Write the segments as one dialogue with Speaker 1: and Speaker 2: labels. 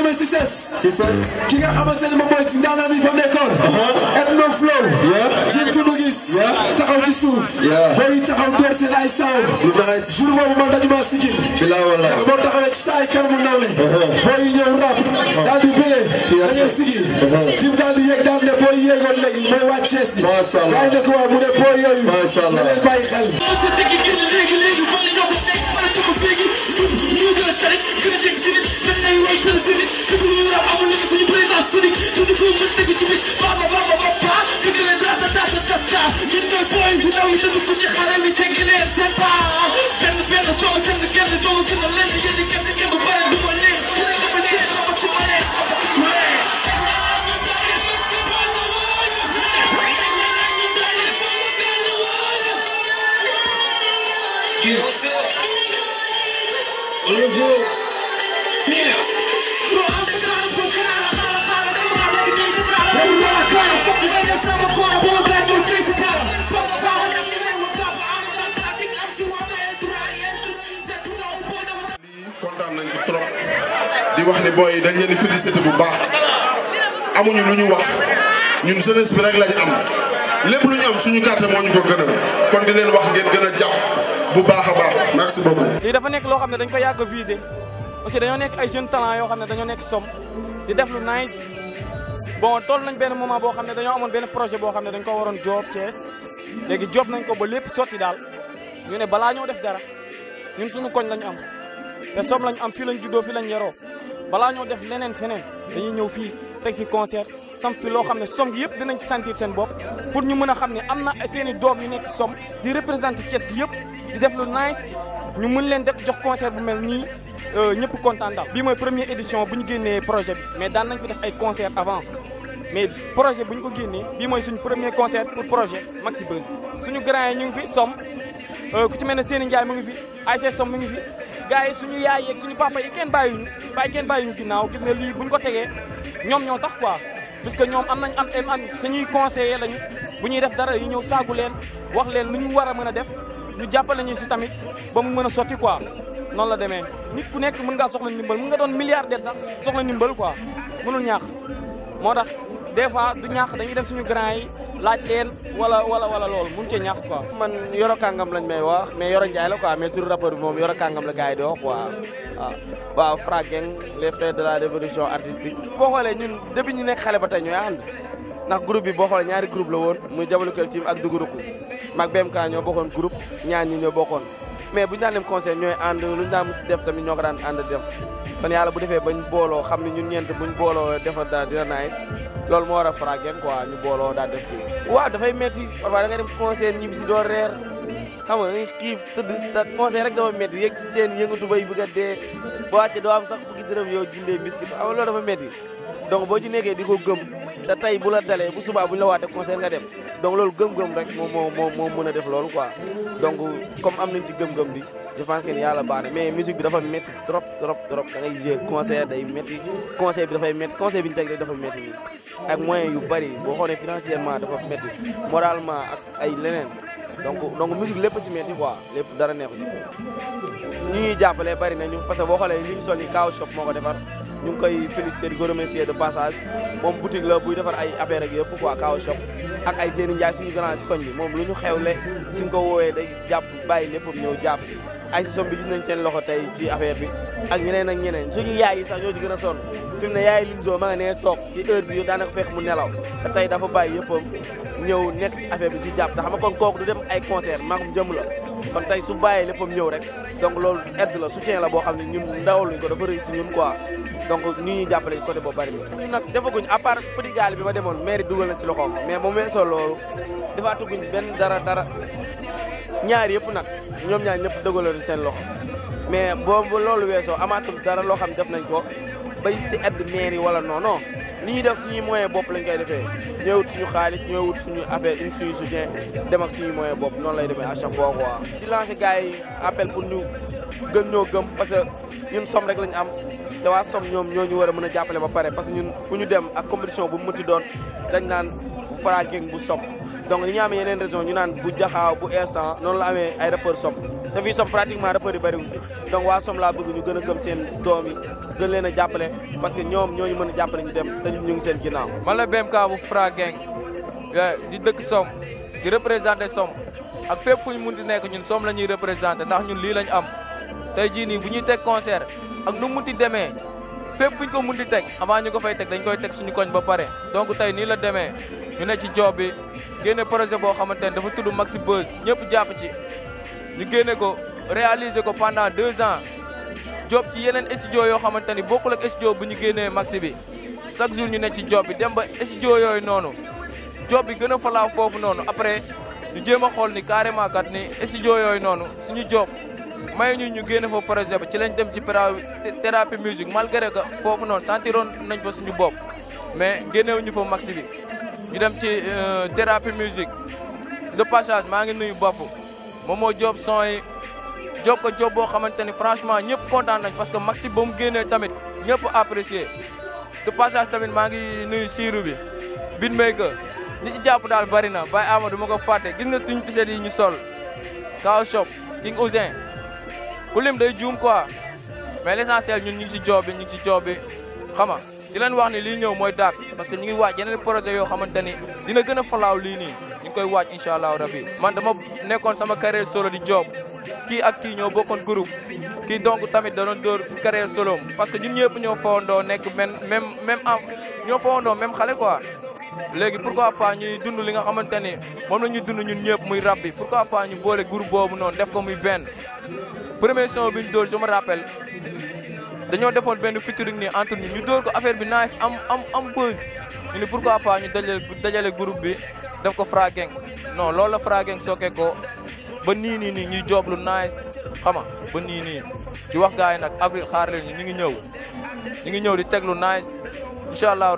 Speaker 1: demee si ses. a ses ki nga xamante ne moom mooy ci ndaanaan yi fa nekkoon. Uh-huh. Ethno Flow. Jim Tundu Gis. taxaw ci suuf. booy yi taxaw door seen ay sound. lu tax jour boobu man dañu maa sigil. bilaa walaay ndax boo taxawee ci sa ay kanamu ndaw li. Uh-huh. booy yi ñëw rap. Uh-huh. daal di béyee. da ngay sigil. Jim daal di yegg daal ne booy yi yeggoon léegi mooy waa Thiès yi. macha allah yaa ngi nekk waa mu ne booy yooyu. macha allah na leen bàyyi xel. Gösterip kıracak simit Sen en right
Speaker 2: simit Kıpırıyor avlu seni preza sinik Çocukluğum mıstık içimi Baba baba baba Fikirle da da da da da da Yeniden boy Hüda hüda tutuşu haremi Çekile sepa Kendiniz bir anda sonra Kendiniz kendiniz olun Kendiniz yedi kendiniz
Speaker 1: di wax ni booy dañ leen di félicité bu baax amuñu lu ñu wax ñun jeunesse bi rek lañu am lépp lu ñu am suñu quartier ñu ko gën kon di leen wax ngeen gën a jàpp bu baax a baax merci lii dafa nekk loo xam ne dañ ko yàgg a visé aussi dañoo nekk ay jeunes talent yoo xam ne dañoo nekk somme di def lu nice bon toll nañ benn moment boo xam ne dañoo amoon benn projet boo xam ne dañ ko waroon joob Thiès léegi joob nañ ko ba lépp sotti daal ñu ne balaa ñoo def dara ñun suñu koñ lañu am. te sob lañ am fii lañ juddoo fii lañ yaroo balaa ñoo def leneen feneen dañuy ñëw fii teg fi concert sam fi loo xam ne som gi yëpp dinañ ci sentir seen bopp pour ñu mën a xam ne am na seen i doom yu nekk som di représenté Thiès gi yëpp di def lu nice ñu mën leen def jox concert bu mel nii euh, ñëpp kontaan daal. bii mooy premier édition bu ñu génnee projet bi mais daan nañ fi def ay concert avant mais projet bu ñu ko génnee bii mooy suñu premier concert pour projet Maxi Buzz suñu grand yi ñu ngi fi som euh, mel ne Seen Ndiaye mu ngi gars yi suñu yaay yeeg suñu papa yi kenn bàyyiwuñu bàyyi kenn bàyyiwuñu ginnaaw gis nga lii buñ ko tegee ñoom ñoo tax quoi parce que ñoom am nañ am am suñuy conseiller lañu bu ñuy def dara yi ñëw tàggu wax leen lu ñu a mën a def ñu jàppale ñu si tamit ba mu mën a sotti quoi noonu la demee nit ku nekk mën ngaa soxla ndimbal mën nga doon milliardaire sax soxla ndimbal quoi mënul ñaax moo tax des du ñaax dañuy dem suñu grand yi laaj leen wala wala wala loolu mun ci ñax quoi. man Yoro Kangam lañ may wax mais Yoro Ndiaye la quoi mais tur rappeur bi moom Yoro Kangam la gars di wax quoi waaw. Ah. waaw Fra Geng les frères de la révolution artistique. boo xoolee ñun depuis ñu nekk xale ba tey ñooy ànd ndax groupe bi boo xoolee ñaari groupe la woon muy Jabalu Kër Team ak Duguruku mag BMK ñoo bokkoon groupe ñaan ñi ñoo bokkoon. mais bu ñu daan dem concert ñooy ànd lu ñu daan def tamit ñoo ko daan ànd def kon yàlla bu defee bañ booloo xam ne ñun ñeent buñ booloo defar daal dina nice loolu moo war a fragen quoi ñu booloo daal def kii. waaw dafay métti parfois da nga dem concert ñibbi si doo reer xam nga dañuy xiif tëdd ta concert rek dafa métti yëg si seen yëngatu bay bu a dee boo wàccee doo am sax fukki dërëm yow jëndee biscuit xam nga loolu dafa métti donc boo ci nekkee di ko gëm. te tey bu la dalee bu subaa bu ñu la waatee concert nga dem donc loolu gëm-gëm rek moom moo moo moo mën a def loolu quoi donc comme am nañ ci gëm-gëm bi je pense que ni yàlla baax na mais musique bi dafa métti trop trop trop da ngay jouer concert day métti concert bi dafay métti concert bi ñu teg rek dafa métti ak moyens yu bari boo xoolee financièrement dafa métti moralement ak ay leneen donc donc musique lépp ci métti quoi lépp dara neexu ñu ñuy jàppale bari nañu parce boo xoolee li ñu sol ni Kaw Shop moo ko defar ñu ngi koy félicité di ko remercier de passage moom boutique la buy defar ay affaire ak yëpp quoi Kao shop ak ay seeni njaay suñu grand ci koñ bi moom lu ñu xewle suñ ko woowee day jàpp bàyyi léppam ñëw jàpp ay si som bi gis nañ seen loxo tey ci affaire bi ak ñeneen ak ñeneen suñu yaay yi sax ñoo ci gën a son fi mu ne yaay lin doo ma nga ne toog ci heure bi daanaka fekk mu nelaw te tey dafa bàyyi yëppam ñëw nekk ci affaire bi ci jàpp te xam kon kooku du dem ay concert maa ngi jëm la kon tey su bàyyee léppam ñëw rek donc loolu aide la su soutien la boo xam ne ñun ndawal luñ ko dafa rëy si ñun quoi donc ñu ñuy jàppale ci côté boobu bari na. nag defaguñ à part petit gaal bi ma demoon mairie dugal na ci loxoom mais moom weesoo loolu defaatuguñ benn dara dara ñaar yëpp nag ñoom ñaa ñëpp dëgaloon seen loxo mais boo loolu weesoo amaatul dara loo xam def nañ ko bay si aide mairie wala non non. li ñu def suñuy moyen bopp lañ koy defee ñooy wut suñu xaalis ñooy wut suñu affaire in suñu soutien dem ak suñuy moyen bopp noonu lay defee à chaque fois quoi. di lancer gars yi appel pour ñu gën ñoo gëm parce que ñun som rek lañ am. te waa Somm ñoom ñoo ñu war mën a jàppale ba pare parce que ñun fu ñu dem ak compétition bu mu mënti doon dañ naan Fra bu Somm donc ñu ñu amee yeneen région naan bu Jaxaaw bu Ersan noonu la amee ay rappeurs Somm te fii Somm pratiquement rappeurs yi bëriwuñ donc waa Somm laa bëgg ñu gën gëm seen doom yi gën leen jàppale parce que ñoom ñoo ñu mën a jàppale ñu dem te ñu ngi seen ginnaaw.
Speaker 2: man la BMK bu Fra Geng di dëkk Somm di représenté Somm ak fépp fu ñu mun di nekk ñun Somm la ñuy représenté ndax ñun lii lañ am tey nii bu ñuy teg concert ak nu munti demee fépp fu ñu ko munti teg avant ñu ko fay teg dañ koy teg suñu koñ ba pare donc tey nii la demee ñu ne ci job bi génne projet boo xamante ne dafa tudd si Buzz ñëpp jàpp ci ñu génne ko réaliser ko pendant deux ans job ci yeneen studio yoo xamante ni bokkul ak studio bu ñu génnee Maxi bi chaque jour ñu ne ci job bi dem ba studio yooyu noonu joob bi gën a falaaw foofu noonu après ñu jéem a xool ni carrément kat ni studio yooyu noonu suñu job may ñu ñu génne fa projet ba ci lañ dem ci thérapie musique malgré que foofu noonu sentiroon nañ fa suñu bopp mais génnewu ñu fa maxi bi ñu dem ci euh, thérapie musique de passage maa ngi nuyu bopp moom moo job son ko job boo xamante ni franchement ñëpp kontaan nañ parce que maxi ba mu génnee tamit ñëpp apprécié de passage tamit maa ngi nuyu siiru bi bin may que ñi ci jàpp daal bari na Baye Amadou ma ko gis nga suñu tiset ñu sol Kao Shop King Ousin ku lim day juum quoi mais l'essentiel ñun ñu ngi ci job bi ñu ngi ci job bi xam leen wax ni lii ñëw mooy daag parce que ñu ngi waaj yeneen projet yoo xamante ni dina gën a falaaw lii nii ñu ngi koy waaj incha allahu rabi man dama nekkoon sama carrière solo di job kii ak kii ñoo bokkoon groupe kii donc tamit da doon dóor carrière solo parce que ñun ñëpp ñoo fawandoo nekk même même même am ñoo fawandoo même xale quoi léegi pourquoi pas ñuy dund li nga xamante ni moom la ñuy dund ñun ñëpp muy rap bi pourquoi pas ñu boole groupe boobu noonu def ko muy ven premier bi ñu dóor je me rappelle dañoo defoon benn featuring nii entre ñu ñu dóor ko affaire bi nice am am am buzz ñu ni pourquoi pas ñu dajale dajale groupe bi def ko Fra Gang non loolu la Fra Gang ko ba nii nii nii ñuy job lu nice xam nga ba nii ci wax gars yi nag avril xaar leen ñu ngi ñëw ñu ngi ñëw di teg lu nice incha allahu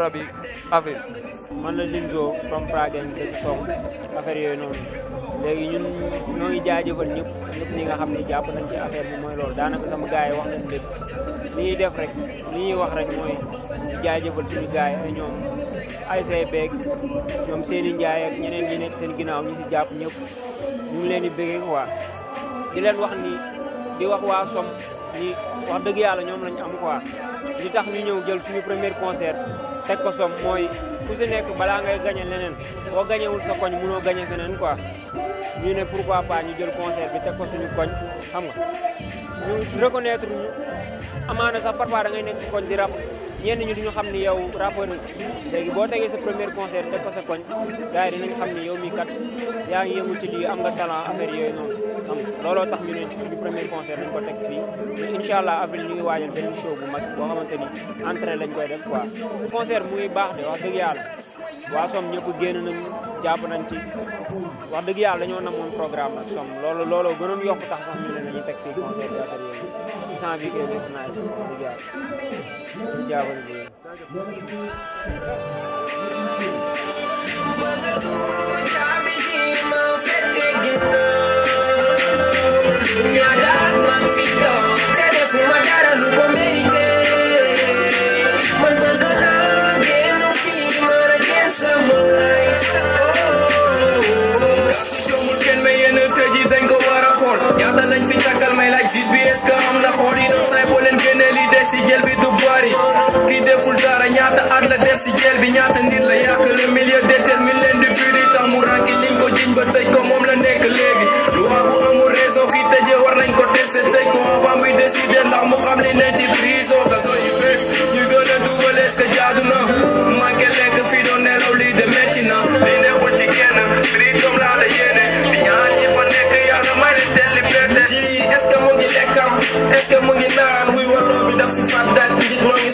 Speaker 3: man la Linzo from Prague dëkk Sokone affaire yooyu noonu léegi ñun ñoo ngi jaajëfal ñëpp ñëpp ñi nga xam ne jàpp nañ ci affaire bi mooy loolu daanaka sama gars yi wax nañ li ñuy def rek li wax rek mooy jaajëfal suñu gars yi ay ñoom ay say beeg ñoom seen i njaay ñeneen ñi nekk seen ginnaaw ñu si jàpp ñëpp ñu leen di bëggee quoi di leen wax ni di wax waa som ni wax dëgg yàlla ñoom lañ am quoi li tax ñu ñëw jël suñu premier concert teg ko som mooy ku si nekk balaa ngay gañe leneen boo gañewul sa koñ mënoo gañe feneen quoi ñu ne pourquoi pas ñu jël conseil bi teg ko suñu koñ xam nga ñu reconnaître ñu amaana sax parfois da ngay nekk si koñ di rap ñenn ñi duñu xam ni yow rappeur léegi boo tegee sa premier concert teg ko sa koñ gars yi dinañ xam ni yow mii kat yaa ngi yëngu ci lii am nga talent xam looloo tax ñu ne ñu premier concert dañ ko teg fii incha allah avril ñu ngi waajal benn show bu mag boo xamante ni entrée lañ koy def quoi concert muy baax de wax dëgg yàlla waa som ñëpp génn nañ jàpp nañ ci wax dëgg yàlla dañoo namoon programme ak som loolu loolu gënoon yokk tax sax ñu ne nañu teg fii concert bi affaire yooyu sans vie def naa ci wax dëgg ñaari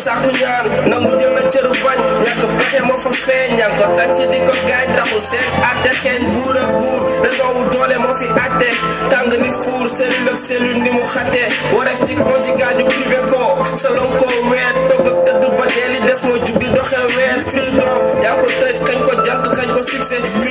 Speaker 1: sàkku ñaan nangu jël na cëru bañ ñàkk pexe moo fa feeñ ñaan ko tànc di ko gaañ taxul seen atte xeeñ buur ak buur raison wu doole moo fi atte tàng ni fuur cellule ak cellule ni mu xatte wareef ci conjugal ñu privé ko selon ko weer togg tëdd ba deeli des moo jug di weer freedom yaa ko tëj kañ ko jant kañ ko succès